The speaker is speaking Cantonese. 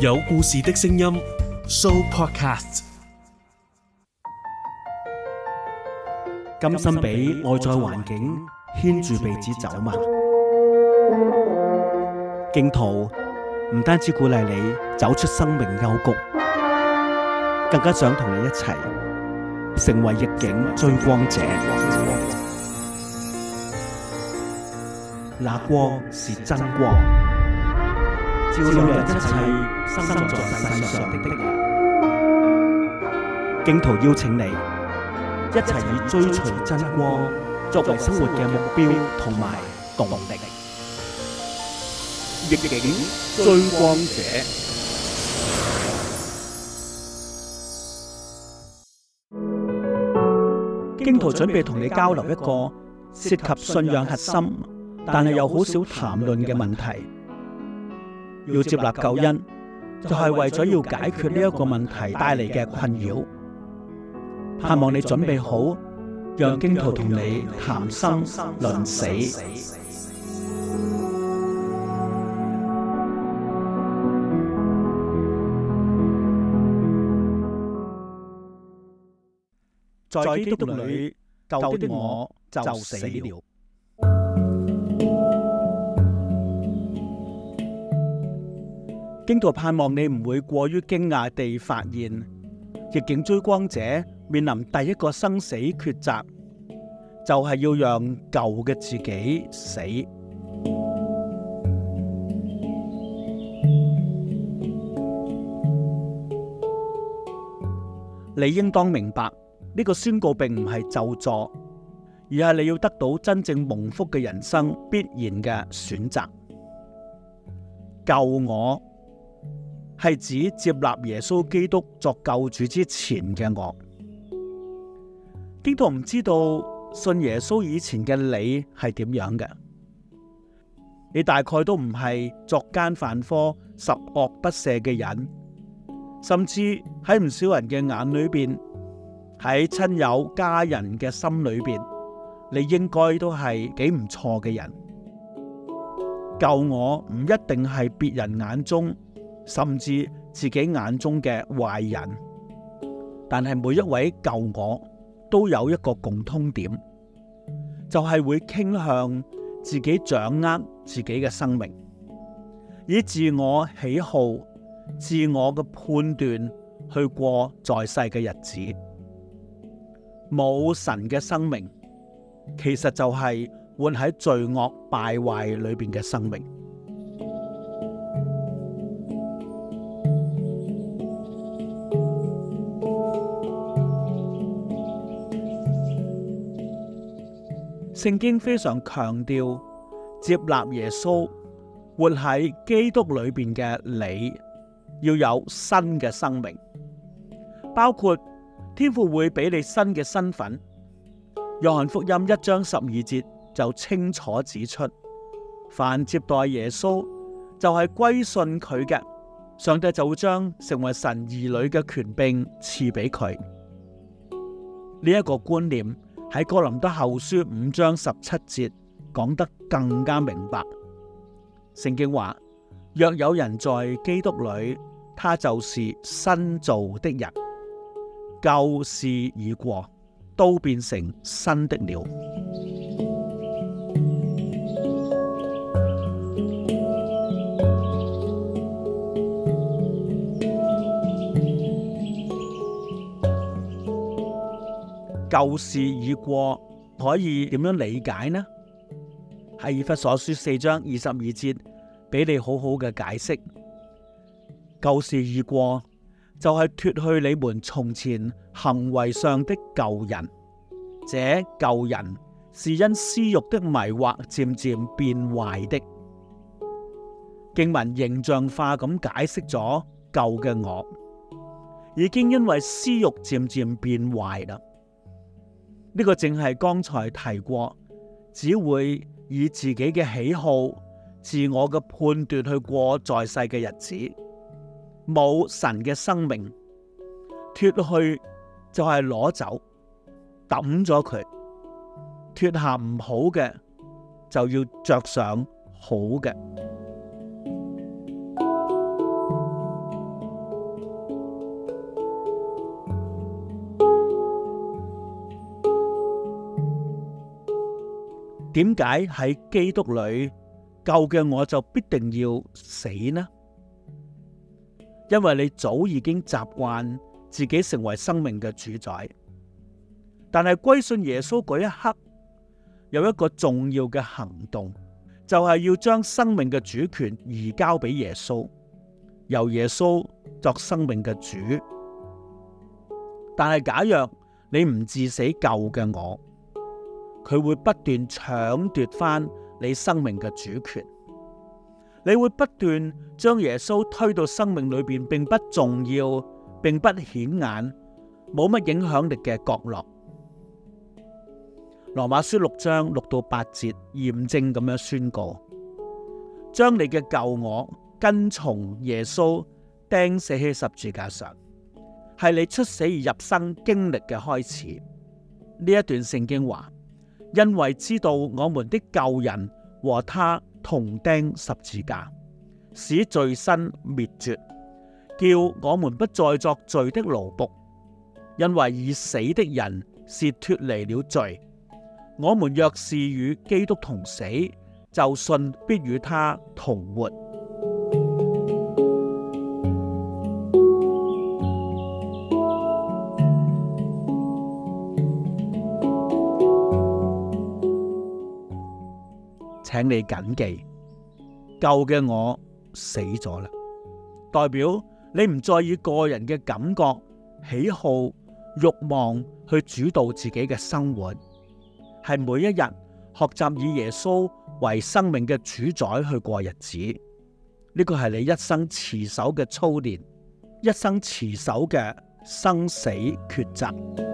有故事的聲音，Sooopodcast。甘心俾外在環境牽住鼻子走嘛？荊徒唔單止鼓勵你走出生命幽谷，更加想同你一齊成為逆境追光者。那光是真光。照亮一切生在世上的的人，荊徒邀請你一齊以追隨真光作為生活嘅目標同埋動力，逆境追光者。荊徒準備同你交流一個涉及信仰核心，但係又好少談論嘅問題。要接納救恩，就係為咗要解決呢一個問題帶嚟嘅困擾。盼望你準備好，讓荊徒同你談生論死。在基督裏舊的我就死了。荊徒盼望你唔會過於驚訝地發現，逆境追光者面臨第一個生死抉擇，就係要讓舊嘅自己死。你應當明白，呢個宣告並唔係咒詛，而係你要得到真正蒙福嘅人生必然嘅選擇。舊我！係指接納耶穌基督作救主之前嘅我，基督徒唔知道信耶穌以前嘅你係點樣嘅？你大概都唔係作奸犯科，十惡不赦嘅人，甚至喺唔少人嘅眼裏邊，喺親友、家人嘅心裏邊，你應該都係幾唔錯嘅人。舊我唔一定係別人眼中，甚至自己眼中嘅壞人，但係每一位舊我都有一個共通點，就係、是、會傾向自己掌握自己嘅生命，以自我喜好、自我嘅判斷去過在世嘅日子。冇神嘅生命，其實就係活喺罪惡敗壞裏邊嘅生命。聖經非常強調接納耶穌，活喺基督裏邊嘅你要有新嘅生命，包括天父會俾你新嘅身份。約翰福音一章十二節就清楚指出，凡接待耶穌就係歸信佢嘅，上帝就會將成為神兒女嘅權柄賜俾佢。呢一個觀念。喺哥林多後書五章十七節講得更加明白，聖經話：若有人在基督裏，他就是新造的人，舊事已過，都變成新的了。舊事已過，可以點樣理解呢？係以弗所書四章二十二節俾你好好嘅解釋。舊事已過，就係、是、脫去你們從前行為上的舊人，這舊人是因私欲的迷惑漸漸變壞的。經文形象化咁解釋咗舊嘅我，已經因為私欲漸漸變壞啦。呢個正係剛才提過，只會以自己嘅喜好、自我嘅判斷去過在世嘅日子，冇神嘅生命，脫去就係攞走抌咗佢，脫下唔好嘅就要着上好嘅。點解喺基督裏舊嘅我就必定要死呢？因為你早已經習慣自己成為生命嘅主宰，但係歸信耶穌嗰一刻有一個重要嘅行動，就係、是、要將生命嘅主權移交俾耶穌，由耶穌作生命嘅主。但係假若你唔至死舊嘅我。佢會不斷搶奪翻你生命嘅主權，你會不斷將耶穌推到生命裏邊並不重要、並不顯眼、冇乜影響力嘅角落。羅馬書六章六到八節嚴正咁樣宣告：將你嘅舊我跟從耶穌釘死喺十字架上，係你出死而入生經歷嘅開始。呢一段聖經話。因為知道我們的舊人和他同釘十字架，使罪身滅絕，叫我們不再作罪的奴僕。因為已死的人是脫離了罪。我們若是與基督同死，就信必與他同活。請你謹記，舊嘅我死咗啦，代表你唔再以個人嘅感覺、喜好、慾望去主導自己嘅生活，係每一日學習以耶穌為生命嘅主宰去過日子。呢個係你一生持守嘅操練，一生持守嘅生死抉擇。